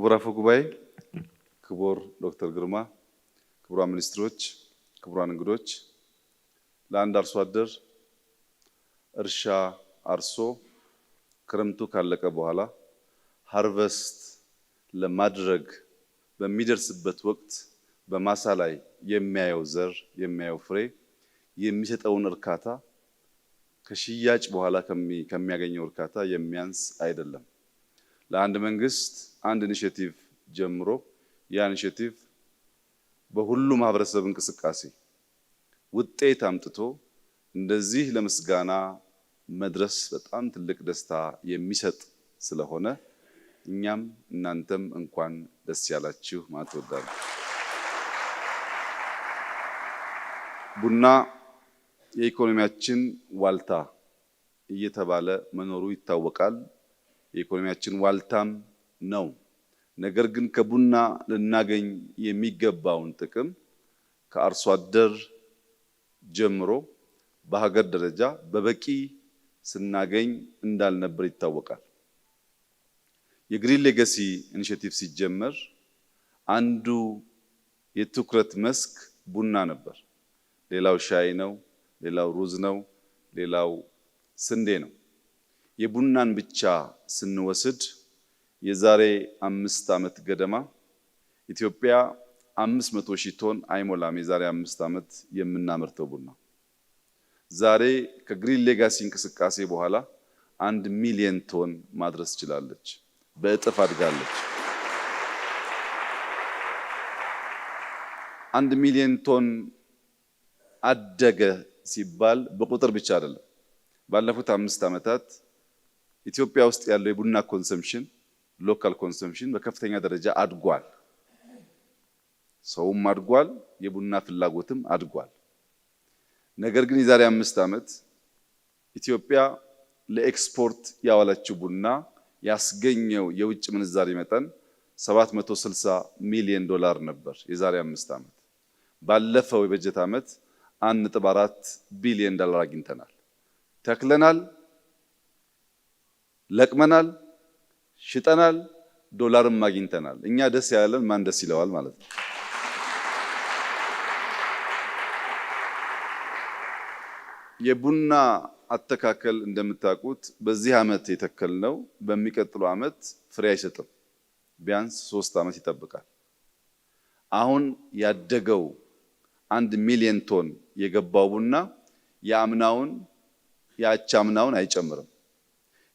ክቡር አፈ ጉባኤ፣ ክቡር ዶክተር ግርማ፣ ክቡራን ሚኒስትሮች፣ ክቡራን እንግዶች፣ ለአንድ አርሶ አደር እርሻ አርሶ ክረምቱ ካለቀ በኋላ ሃርቨስት ለማድረግ በሚደርስበት ወቅት በማሳ ላይ የሚያየው ዘር የሚያየው ፍሬ የሚሰጠውን እርካታ ከሽያጭ በኋላ ከሚያገኘው እርካታ የሚያንስ አይደለም። ለአንድ መንግስት አንድ ኢኒሼቲቭ ጀምሮ ያ ኢኒሼቲቭ በሁሉ ማህበረሰብ እንቅስቃሴ ውጤት አምጥቶ እንደዚህ ለምስጋና መድረስ በጣም ትልቅ ደስታ የሚሰጥ ስለሆነ እኛም እናንተም እንኳን ደስ ያላችሁ ማለት እወዳለሁ። ቡና የኢኮኖሚያችን ዋልታ እየተባለ መኖሩ ይታወቃል። የኢኮኖሚያችን ዋልታም ነው። ነገር ግን ከቡና ልናገኝ የሚገባውን ጥቅም ከአርሶ አደር ጀምሮ በሀገር ደረጃ በበቂ ስናገኝ እንዳልነበር ይታወቃል። የግሪን ሌጋሲ ኢኒሽቲቭ ሲጀመር አንዱ የትኩረት መስክ ቡና ነበር። ሌላው ሻይ ነው፣ ሌላው ሩዝ ነው፣ ሌላው ስንዴ ነው። የቡናን ብቻ ስንወስድ የዛሬ አምስት ዓመት ገደማ ኢትዮጵያ አምስት መቶ ሺህ ቶን አይሞላም የዛሬ አምስት ዓመት የምናመርተው ቡና ዛሬ ከግሪን ሌጋሲ እንቅስቃሴ በኋላ አንድ ሚሊየን ቶን ማድረስ ችላለች። በእጥፍ አድጋለች። አንድ ሚሊየን ቶን አደገ ሲባል በቁጥር ብቻ አይደለም። ባለፉት አምስት ዓመታት ኢትዮጵያ ውስጥ ያለው የቡና ኮንሰምሽን ሎካል ኮንሰምሽን በከፍተኛ ደረጃ አድጓል። ሰውም አድጓል፣ የቡና ፍላጎትም አድጓል። ነገር ግን የዛሬ አምስት ዓመት ኢትዮጵያ ለኤክስፖርት ያዋለችው ቡና ያስገኘው የውጭ ምንዛሬ መጠን 760 ሚሊዮን ዶላር ነበር። የዛሬ አምስት ዓመት ባለፈው የበጀት ዓመት 1.4 ቢሊዮን ዶላር አግኝተናል። ተክለናል። ለቅመናል፣ ሽጠናል፣ ዶላርም አግኝተናል። እኛ ደስ ያለን ማን ደስ ይለዋል ማለት ነው። የቡና አተካከል እንደምታውቁት በዚህ ዓመት የተከልነው በሚቀጥለው ዓመት ፍሬ አይሰጥም። ቢያንስ ሶስት ዓመት ይጠብቃል። አሁን ያደገው አንድ ሚሊዮን ቶን የገባው ቡና የአምናውን የአቻምናውን አይጨምርም።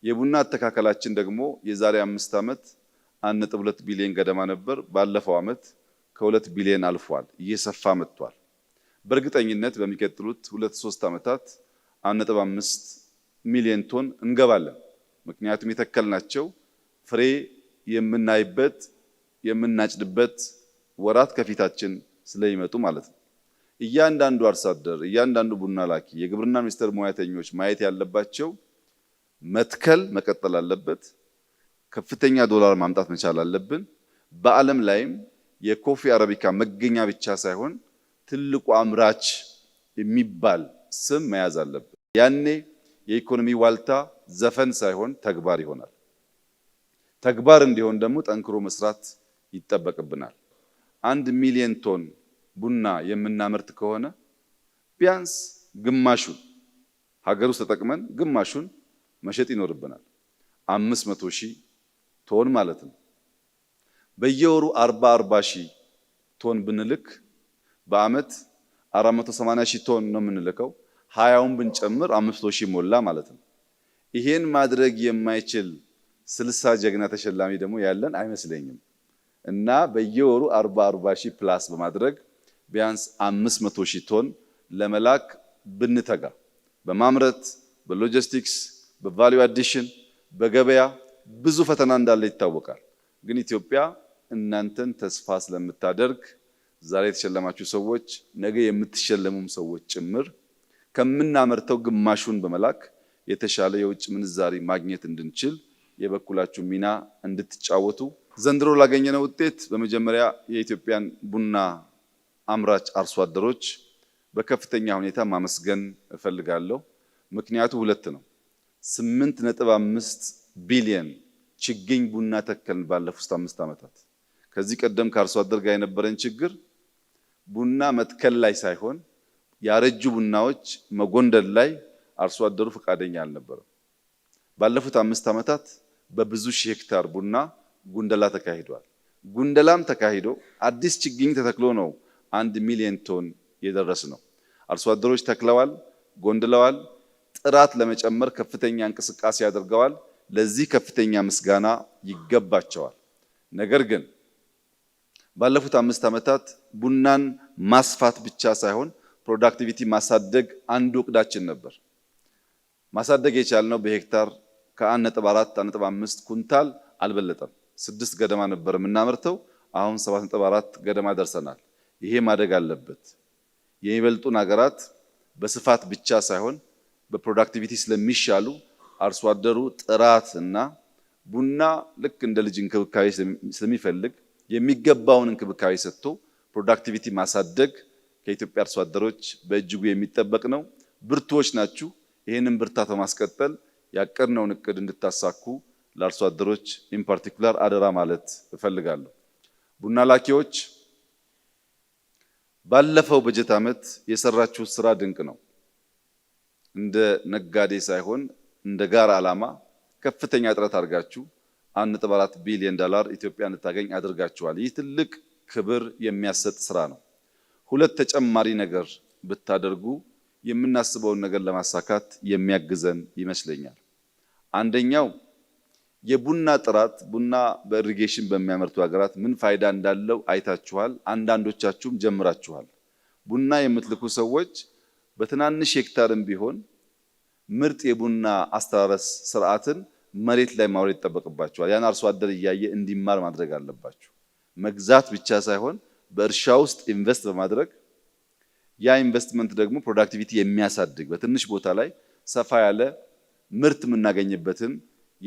የቡና አተካከላችን ደግሞ የዛሬ አምስት ዓመት አንድ ነጥብ ሁለት ቢሊዮን ገደማ ነበር። ባለፈው ዓመት ከሁለት ቢሊዮን አልፏል፣ እየሰፋ መጥቷል። በእርግጠኝነት በሚቀጥሉት ሁለት ሶስት ዓመታት አንድ ነጥብ አምስት ሚሊዮን ቶን እንገባለን። ምክንያቱም የተከልናቸው ፍሬ የምናይበት የምናጭድበት ወራት ከፊታችን ስለሚመጡ ማለት ነው። እያንዳንዱ አርሶ አደር፣ እያንዳንዱ ቡና ላኪ፣ የግብርና ሚኒስቴር ሙያተኞች ማየት ያለባቸው መትከል መቀጠል አለበት። ከፍተኛ ዶላር ማምጣት መቻል አለብን። በዓለም ላይም የኮፊ አረቢካ መገኛ ብቻ ሳይሆን ትልቁ አምራች የሚባል ስም መያዝ አለብን። ያኔ የኢኮኖሚ ዋልታ ዘፈን ሳይሆን ተግባር ይሆናል። ተግባር እንዲሆን ደግሞ ጠንክሮ መስራት ይጠበቅብናል። አንድ ሚሊዮን ቶን ቡና የምናመርት ከሆነ ቢያንስ ግማሹን ሀገር ውስጥ ተጠቅመን ግማሹን መሸጥ ይኖርብናል። አምስት መቶ ሺህ ቶን ማለት ነው። በየወሩ አርባ አርባ ሺህ ቶን ብንልክ በአመት አራት መቶ ሰማንያ ሺህ ቶን ነው የምንልከው። ሀያውን ብንጨምር አምስት መቶ ሺህ ሞላ ማለት ነው። ይሄን ማድረግ የማይችል ስልሳ ጀግና ተሸላሚ ደግሞ ያለን አይመስለኝም። እና በየወሩ አርባ አርባ ሺህ ፕላስ በማድረግ ቢያንስ አምስት መቶ ሺህ ቶን ለመላክ ብንተጋ በማምረት በሎጂስቲክስ በቫሊዩ አዲሽን፣ በገበያ ብዙ ፈተና እንዳለ ይታወቃል። ግን ኢትዮጵያ እናንተን ተስፋ ስለምታደርግ ዛሬ የተሸለማችሁ ሰዎች ነገ የምትሸለሙም ሰዎች ጭምር ከምናመርተው ግማሹን በመላክ የተሻለ የውጭ ምንዛሪ ማግኘት እንድንችል የበኩላችሁ ሚና እንድትጫወቱ ዘንድሮ ላገኘነው ውጤት በመጀመሪያ የኢትዮጵያን ቡና አምራች አርሶ አደሮች በከፍተኛ ሁኔታ ማመስገን እፈልጋለሁ። ምክንያቱ ሁለት ነው። ስምንት ነጥብ አምስት ቢሊየን ችግኝ ቡና ተከልን ባለፉት አምስት ዓመታት። ከዚህ ቀደም ከአርሶ አደር ጋር የነበረን ችግር ቡና መትከል ላይ ሳይሆን ያረጁ ቡናዎች መጎንደል ላይ አርሶ አደሩ ፈቃደኛ አልነበረም። ባለፉት አምስት ዓመታት በብዙ ሺህ ሄክታር ቡና ጉንደላ ተካሂዷል። ጉንደላም ተካሂዶ አዲስ ችግኝ ተተክሎ ነው አንድ ሚሊዮን ቶን የደረስ ነው። አርሶ አደሮች ተክለዋል፣ ጎንድለዋል። ጥራት ለመጨመር ከፍተኛ እንቅስቃሴ አድርገዋል። ለዚህ ከፍተኛ ምስጋና ይገባቸዋል። ነገር ግን ባለፉት አምስት ዓመታት ቡናን ማስፋት ብቻ ሳይሆን ፕሮዳክቲቪቲ ማሳደግ አንዱ እቅዳችን ነበር። ማሳደግ የቻልነው በሄክታር ከ1.4 1.5 ኩንታል አልበለጠም። ስድስት ገደማ ነበር የምናመርተው። አሁን 7.4 ገደማ ደርሰናል። ይሄ ማደግ አለበት። የሚበልጡን ሀገራት በስፋት ብቻ ሳይሆን በፕሮዳክቲቪቲ ስለሚሻሉ አርሶ አደሩ ጥራት እና ቡና ልክ እንደ ልጅ እንክብካቤ ስለሚፈልግ የሚገባውን እንክብካቤ ሰጥቶ ፕሮዳክቲቪቲ ማሳደግ ከኢትዮጵያ አርሶ አደሮች በእጅጉ የሚጠበቅ ነው። ብርቱዎች ናችሁ። ይህንን ብርታት በማስቀጠል ያቀድነውን እቅድ እንድታሳኩ ለአርሶ አደሮች ኢን ፓርቲኩላር አደራ ማለት እፈልጋለሁ። ቡና ላኪዎች፣ ባለፈው በጀት ዓመት የሰራችሁት ስራ ድንቅ ነው። እንደ ነጋዴ ሳይሆን እንደ ጋራ ዓላማ ከፍተኛ ጥረት አድርጋችሁ አንድ ነጥብ አራት ቢሊዮን ዶላር ኢትዮጵያ እንድታገኝ አድርጋችኋል። ይህ ትልቅ ክብር የሚያሰጥ ስራ ነው። ሁለት ተጨማሪ ነገር ብታደርጉ የምናስበውን ነገር ለማሳካት የሚያግዘን ይመስለኛል። አንደኛው የቡና ጥራት፣ ቡና በኢሪጌሽን በሚያመርቱ ሀገራት ምን ፋይዳ እንዳለው አይታችኋል። አንዳንዶቻችሁም ጀምራችኋል። ቡና የምትልኩ ሰዎች በትናንሽ ሄክታርም ቢሆን ምርጥ የቡና አስተራረስ ስርዓትን መሬት ላይ ማውረድ ይጠበቅባቸዋል። ያን አርሶ አደር እያየ እንዲማር ማድረግ አለባቸው። መግዛት ብቻ ሳይሆን በእርሻ ውስጥ ኢንቨስት በማድረግ ያ ኢንቨስትመንት ደግሞ ፕሮዳክቲቪቲ የሚያሳድግ በትንሽ ቦታ ላይ ሰፋ ያለ ምርት የምናገኝበትን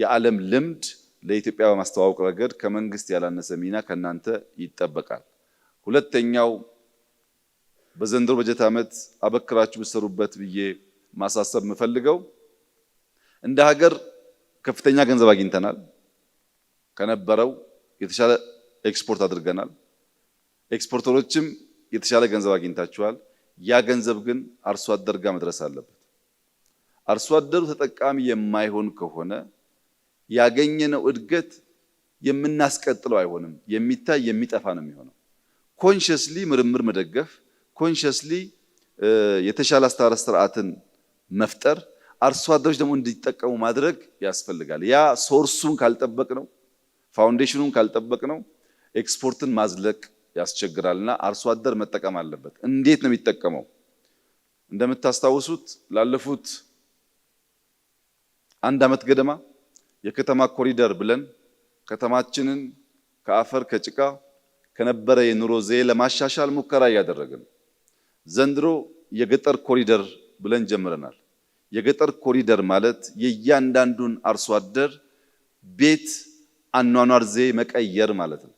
የዓለም ልምድ ለኢትዮጵያ በማስተዋወቅ ረገድ ከመንግስት ያላነሰ ሚና ከእናንተ ይጠበቃል። ሁለተኛው በዘንድሮ በጀት ዓመት አበክራችሁ ብትሰሩበት ብዬ ማሳሰብ የምፈልገው እንደ ሀገር ከፍተኛ ገንዘብ አግኝተናል። ከነበረው የተሻለ ኤክስፖርት አድርገናል። ኤክስፖርተሮችም የተሻለ ገንዘብ አግኝታችኋል። ያ ገንዘብ ግን አርሶ አደር ጋር መድረስ አለበት። አርሶ አደሩ ተጠቃሚ የማይሆን ከሆነ ያገኘነው እድገት የምናስቀጥለው አይሆንም፣ የሚታይ የሚጠፋ ነው የሚሆነው። ኮንሽስሊ ምርምር መደገፍ ኮንሽስሊ uh, የተሻለ አስተራረስ ስርዓትን መፍጠር አርሶ አደሮች ደግሞ እንዲጠቀሙ ማድረግ ያስፈልጋል። ያ ሶርሱን ካልጠበቅ ነው ፋውንዴሽኑን ካልጠበቅ ነው ኤክስፖርትን ማዝለቅ ያስቸግራልና አርሶ አደር መጠቀም አለበት። እንዴት ነው የሚጠቀመው? እንደምታስታውሱት ላለፉት አንድ ዓመት ገደማ የከተማ ኮሪደር ብለን ከተማችንን ከአፈር ከጭቃ ከነበረ የኑሮ ዘዬ ለማሻሻል ሙከራ እያደረግን ዘንድሮ የገጠር ኮሪደር ብለን ጀምረናል። የገጠር ኮሪደር ማለት የእያንዳንዱን አርሶ አደር ቤት አኗኗር ዜ መቀየር ማለት ነው።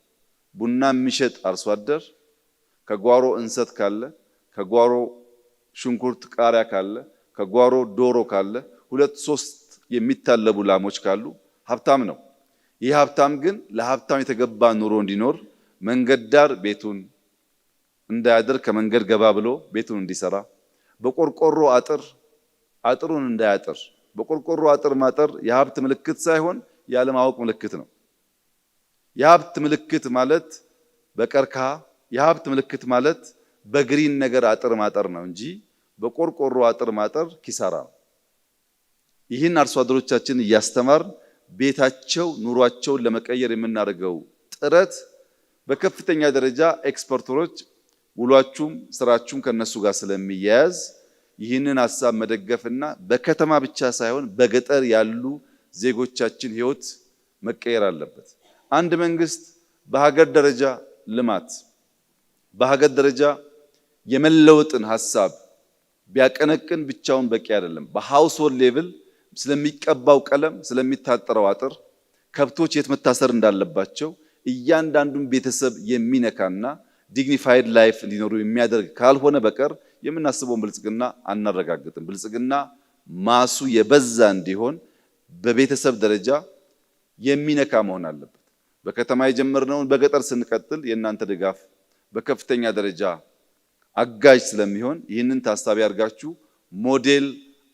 ቡና የሚሸጥ አርሶ አደር ከጓሮ እንሰት ካለ፣ ከጓሮ ሽንኩርት ቃሪያ ካለ፣ ከጓሮ ዶሮ ካለ፣ ሁለት ሶስት የሚታለቡ ላሞች ካሉ ሀብታም ነው። ይህ ሀብታም ግን ለሀብታም የተገባ ኑሮ እንዲኖር መንገድ ዳር ቤቱን እንዳያድር ከመንገድ ገባ ብሎ ቤቱን እንዲሰራ በቆርቆሮ አጥር አጥሩን እንዳያጥር በቆርቆሮ አጥር ማጠር የሀብት ምልክት ሳይሆን የአለማወቅ ምልክት ነው። የሀብት ምልክት ማለት በቀርከሃ የሀብት ምልክት ማለት በግሪን ነገር አጥር ማጠር ነው እንጂ በቆርቆሮ አጥር ማጠር ኪሳራ ነው። ይህን አርሶ አደሮቻችን እያስተማር ቤታቸው ኑሯቸውን ለመቀየር የምናደርገው ጥረት በከፍተኛ ደረጃ ኤክስፐርተሮች ውሏችሁም ስራችሁም ከነሱ ጋር ስለሚያያዝ ይህንን ሀሳብ መደገፍና በከተማ ብቻ ሳይሆን በገጠር ያሉ ዜጎቻችን ህይወት መቀየር አለበት። አንድ መንግስት በሀገር ደረጃ ልማት በሀገር ደረጃ የመለወጥን ሀሳብ ቢያቀነቅን ብቻውን በቂ አይደለም። በሃውስሆልድ ሌቭል ስለሚቀባው ቀለም፣ ስለሚታጠረው አጥር፣ ከብቶች የት መታሰር እንዳለባቸው እያንዳንዱን ቤተሰብ የሚነካና ዲግኒፋይድ ላይፍ እንዲኖሩ የሚያደርግ ካልሆነ በቀር የምናስበውን ብልጽግና አናረጋግጥም። ብልጽግና ማሱ የበዛ እንዲሆን በቤተሰብ ደረጃ የሚነካ መሆን አለበት። በከተማ የጀመርነውን በገጠር ስንቀጥል የእናንተ ድጋፍ በከፍተኛ ደረጃ አጋዥ ስለሚሆን ይህንን ታሳቢ አድርጋችሁ ሞዴል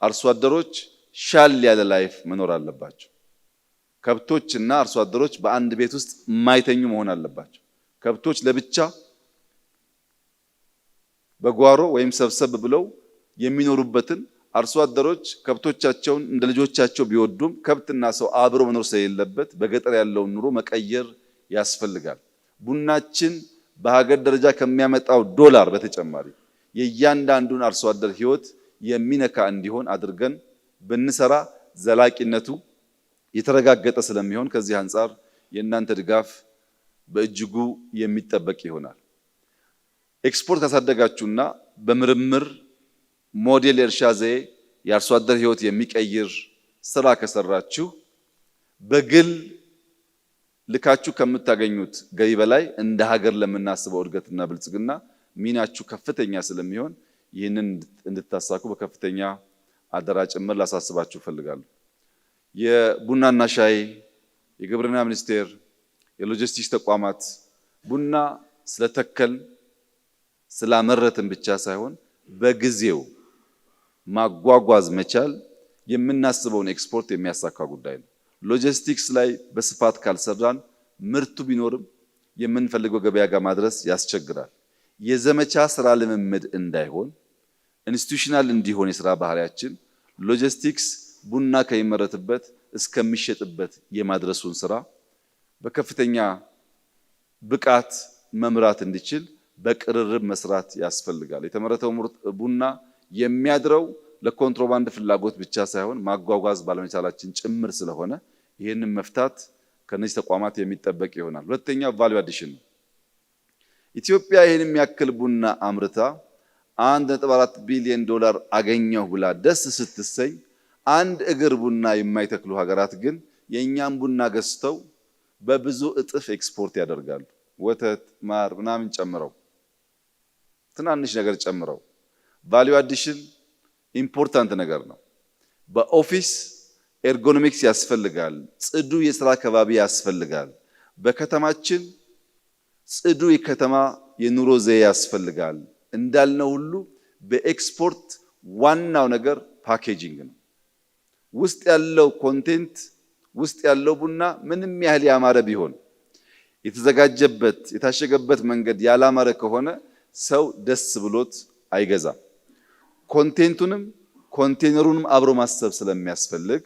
አርሶ አደሮች ሻል ያለ ላይፍ መኖር አለባቸው። ከብቶችና አርሶ አደሮች በአንድ ቤት ውስጥ የማይተኙ መሆን አለባቸው። ከብቶች ለብቻ በጓሮ ወይም ሰብሰብ ብለው የሚኖሩበትን አርሶ አደሮች ከብቶቻቸውን እንደ ልጆቻቸው ቢወዱም ከብትና ሰው አብሮ መኖር ስለሌለበት በገጠር ያለውን ኑሮ መቀየር ያስፈልጋል። ቡናችን በሀገር ደረጃ ከሚያመጣው ዶላር በተጨማሪ የእያንዳንዱን አርሶ አደር ሕይወት የሚነካ እንዲሆን አድርገን ብንሰራ ዘላቂነቱ የተረጋገጠ ስለሚሆን ከዚህ አንጻር የእናንተ ድጋፍ በእጅጉ የሚጠበቅ ይሆናል። ኤክስፖርት ካሳደጋችሁና በምርምር ሞዴል የእርሻ ዘዬ የአርሶ አደር ህይወት የሚቀይር ስራ ከሰራችሁ በግል ልካችሁ ከምታገኙት ገቢ በላይ እንደ ሀገር ለምናስበው እድገትና ብልጽግና ሚናችሁ ከፍተኛ ስለሚሆን ይህንን እንድታሳኩ በከፍተኛ አደራ ጭምር ላሳስባችሁ እፈልጋለሁ። የቡናና ሻይ፣ የግብርና ሚኒስቴር፣ የሎጂስቲክስ ተቋማት ቡና ስለተከል ስላመረትን ብቻ ሳይሆን በጊዜው ማጓጓዝ መቻል የምናስበውን ኤክስፖርት የሚያሳካ ጉዳይ ነው። ሎጂስቲክስ ላይ በስፋት ካልሰራን ምርቱ ቢኖርም የምንፈልገው ገበያ ጋር ማድረስ ያስቸግራል። የዘመቻ ስራ ልምምድ እንዳይሆን ኢንስቲቱሽናል እንዲሆን የስራ ባህሪያችን ሎጂስቲክስ ቡና ከሚመረትበት እስከሚሸጥበት የማድረሱን ስራ በከፍተኛ ብቃት መምራት እንዲችል በቅርርብ መስራት ያስፈልጋል። የተመረተው ቡና የሚያድረው ለኮንትሮባንድ ፍላጎት ብቻ ሳይሆን ማጓጓዝ ባለመቻላችን ጭምር ስለሆነ ይህንን መፍታት ከነዚህ ተቋማት የሚጠበቅ ይሆናል። ሁለተኛ ቫልዩ አዲሽን ነው። ኢትዮጵያ ይህን የሚያክል ቡና አምርታ አንድ ነጥብ አራት ቢሊዮን ዶላር አገኘሁ ብላ ደስ ስትሰኝ አንድ እግር ቡና የማይተክሉ ሀገራት ግን የእኛም ቡና ገዝተው በብዙ እጥፍ ኤክስፖርት ያደርጋሉ። ወተት፣ ማር ምናምን ጨምረው ትናንሽ ነገር ጨምረው ቫሊዩ አዲሽን ኢምፖርታንት ነገር ነው። በኦፊስ ኤርጎኖሚክስ ያስፈልጋል። ጽዱ የስራ ከባቢ ያስፈልጋል። በከተማችን ጽዱ የከተማ የኑሮ ዘዬ ያስፈልጋል። እንዳልነው ሁሉ በኤክስፖርት ዋናው ነገር ፓኬጂንግ ነው። ውስጥ ያለው ኮንቴንት ውስጥ ያለው ቡና ምንም ያህል ያማረ ቢሆን የተዘጋጀበት የታሸገበት መንገድ ያላማረ ከሆነ ሰው ደስ ብሎት አይገዛም። ኮንቴንቱንም ኮንቴነሩንም አብሮ ማሰብ ስለሚያስፈልግ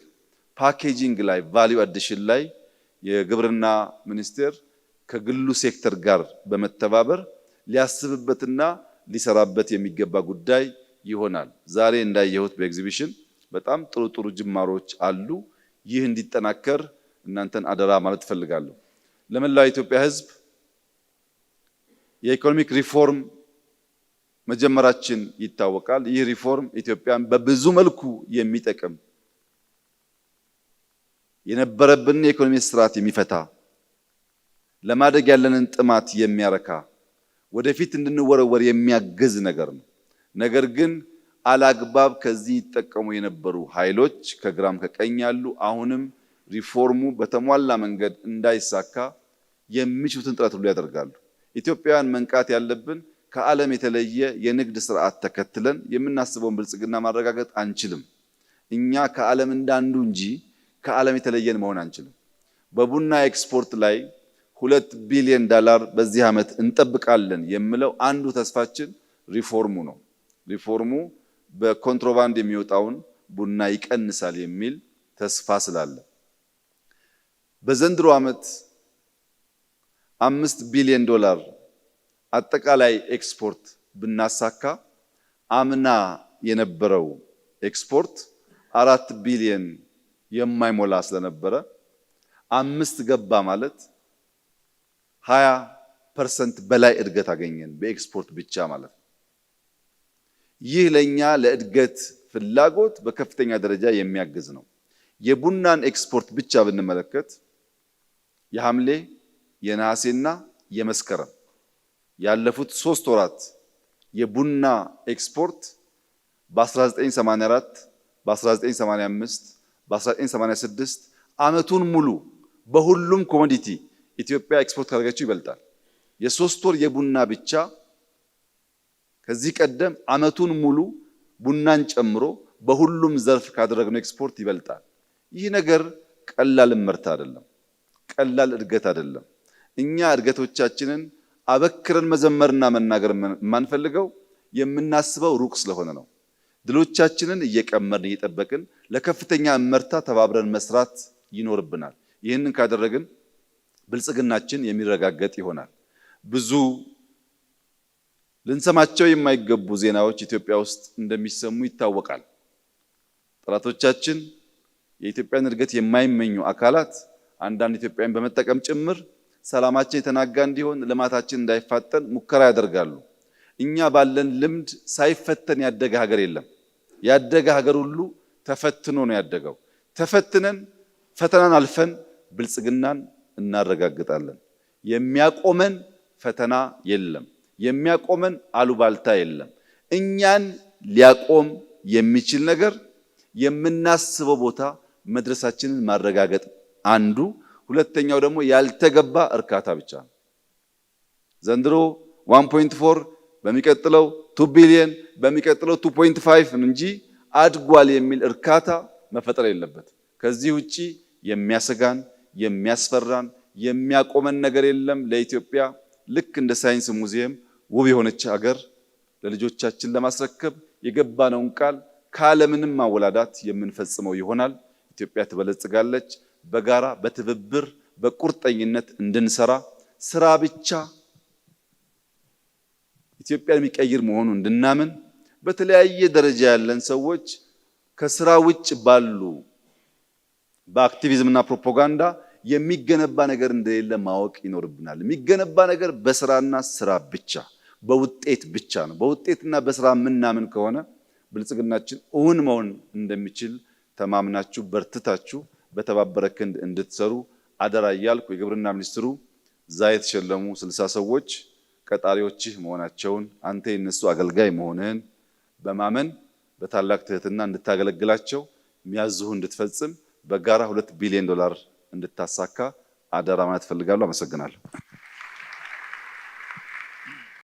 ፓኬጂንግ ላይ ቫሊዩ አዲሽን ላይ የግብርና ሚኒስቴር ከግሉ ሴክተር ጋር በመተባበር ሊያስብበትና ሊሰራበት የሚገባ ጉዳይ ይሆናል። ዛሬ እንዳየሁት በኤግዚቢሽን በጣም ጥሩ ጥሩ ጅማሮች አሉ። ይህ እንዲጠናከር እናንተን አደራ ማለት እፈልጋለሁ። ለመላው የኢትዮጵያ ሕዝብ የኢኮኖሚክ ሪፎርም መጀመራችን ይታወቃል። ይህ ሪፎርም ኢትዮጵያን በብዙ መልኩ የሚጠቅም የነበረብንን የኢኮኖሚ ስርዓት የሚፈታ ለማደግ ያለንን ጥማት የሚያረካ ወደፊት እንድንወረወር የሚያግዝ ነገር ነው። ነገር ግን አላግባብ ከዚህ ይጠቀሙ የነበሩ ኃይሎች ከግራም ከቀኝ ያሉ አሁንም ሪፎርሙ በተሟላ መንገድ እንዳይሳካ የሚችሉትን ጥረት ሁሉ ያደርጋሉ። ኢትዮጵያውያን መንቃት ያለብን ከዓለም የተለየ የንግድ ስርዓት ተከትለን የምናስበውን ብልጽግና ማረጋገጥ አንችልም። እኛ ከዓለም እንዳንዱ እንጂ ከዓለም የተለየን መሆን አንችልም። በቡና ኤክስፖርት ላይ ሁለት ቢሊዮን ዶላር በዚህ ዓመት እንጠብቃለን የምለው አንዱ ተስፋችን ሪፎርሙ ነው። ሪፎርሙ በኮንትሮባንድ የሚወጣውን ቡና ይቀንሳል የሚል ተስፋ ስላለ በዘንድሮ ዓመት አምስት ቢሊዮን ዶላር አጠቃላይ ኤክስፖርት ብናሳካ አምና የነበረው ኤክስፖርት አራት ቢሊየን የማይሞላ ስለነበረ አምስት ገባ ማለት ሀያ ፐርሰንት በላይ እድገት አገኘን በኤክስፖርት ብቻ ማለት ነው። ይህ ለእኛ ለእድገት ፍላጎት በከፍተኛ ደረጃ የሚያግዝ ነው። የቡናን ኤክስፖርት ብቻ ብንመለከት የሐምሌ የነሐሴና የመስከረም ያለፉት ሶስት ወራት የቡና ኤክስፖርት በ1984 በ1985 በ1986 ዓመቱን ሙሉ በሁሉም ኮሞዲቲ ኢትዮጵያ ኤክስፖርት ካደረገችው ይበልጣል። የሶስት ወር የቡና ብቻ ከዚህ ቀደም ዓመቱን ሙሉ ቡናን ጨምሮ በሁሉም ዘርፍ ካደረግነው ኤክስፖርት ይበልጣል። ይህ ነገር ቀላል ምርት አይደለም፣ ቀላል እድገት አይደለም። እኛ እድገቶቻችንን አበክረን መዘመርና መናገር የማንፈልገው የምናስበው ሩቅ ስለሆነ ነው። ድሎቻችንን እየቀመርን እየጠበቅን ለከፍተኛ እመርታ ተባብረን መስራት ይኖርብናል። ይህንን ካደረግን ብልጽግናችን የሚረጋገጥ ይሆናል። ብዙ ልንሰማቸው የማይገቡ ዜናዎች ኢትዮጵያ ውስጥ እንደሚሰሙ ይታወቃል። ጠላቶቻችን የኢትዮጵያን እድገት የማይመኙ አካላት አንዳንድ ኢትዮጵያን በመጠቀም ጭምር ሰላማችን የተናጋ እንዲሆን ልማታችን እንዳይፋጠን ሙከራ ያደርጋሉ። እኛ ባለን ልምድ ሳይፈተን ያደገ ሀገር የለም። ያደገ ሀገር ሁሉ ተፈትኖ ነው ያደገው። ተፈትነን ፈተናን አልፈን ብልጽግናን እናረጋግጣለን። የሚያቆመን ፈተና የለም። የሚያቆመን አሉባልታ የለም። እኛን ሊያቆም የሚችል ነገር የምናስበው ቦታ መድረሳችንን ማረጋገጥ አንዱ ሁለተኛው ደግሞ ያልተገባ እርካታ ብቻ ነው። ዘንድሮ 1.4 በሚቀጥለው 2 ቢሊዮን በሚቀጥለው 2.5 እንጂ አድጓል የሚል እርካታ መፈጠር የለበት። ከዚህ ውጪ የሚያሰጋን የሚያስፈራን የሚያቆመን ነገር የለም። ለኢትዮጵያ ልክ እንደ ሳይንስ ሙዚየም ውብ የሆነች ሀገር ለልጆቻችን ለማስረከብ የገባነውን ቃል ካለምንም ማወላዳት የምንፈጽመው ይሆናል። ኢትዮጵያ ትበለጽጋለች። በጋራ በትብብር በቁርጠኝነት እንድንሰራ ስራ ብቻ ኢትዮጵያን የሚቀይር መሆኑ እንድናምን በተለያየ ደረጃ ያለን ሰዎች ከስራ ውጭ ባሉ በአክቲቪዝምና ፕሮፓጋንዳ የሚገነባ ነገር እንደሌለ ማወቅ ይኖርብናል። የሚገነባ ነገር በስራና ስራ ብቻ በውጤት ብቻ ነው። በውጤትና በስራ የምናምን ከሆነ ብልጽግናችን እውን መሆን እንደሚችል ተማምናችሁ በርትታችሁ በተባበረ ክንድ እንድትሰሩ አደራ እያልኩ የግብርና ሚኒስትሩ ዛ የተሸለሙ ስልሳ ሰዎች ቀጣሪዎችህ መሆናቸውን አንተ የነሱ አገልጋይ መሆንህን በማመን በታላቅ ትህትና እንድታገለግላቸው ሚያዝሁ እንድትፈጽም በጋራ ሁለት ቢሊዮን ዶላር እንድታሳካ አደራ ማለት እፈልጋለሁ። አመሰግናለሁ።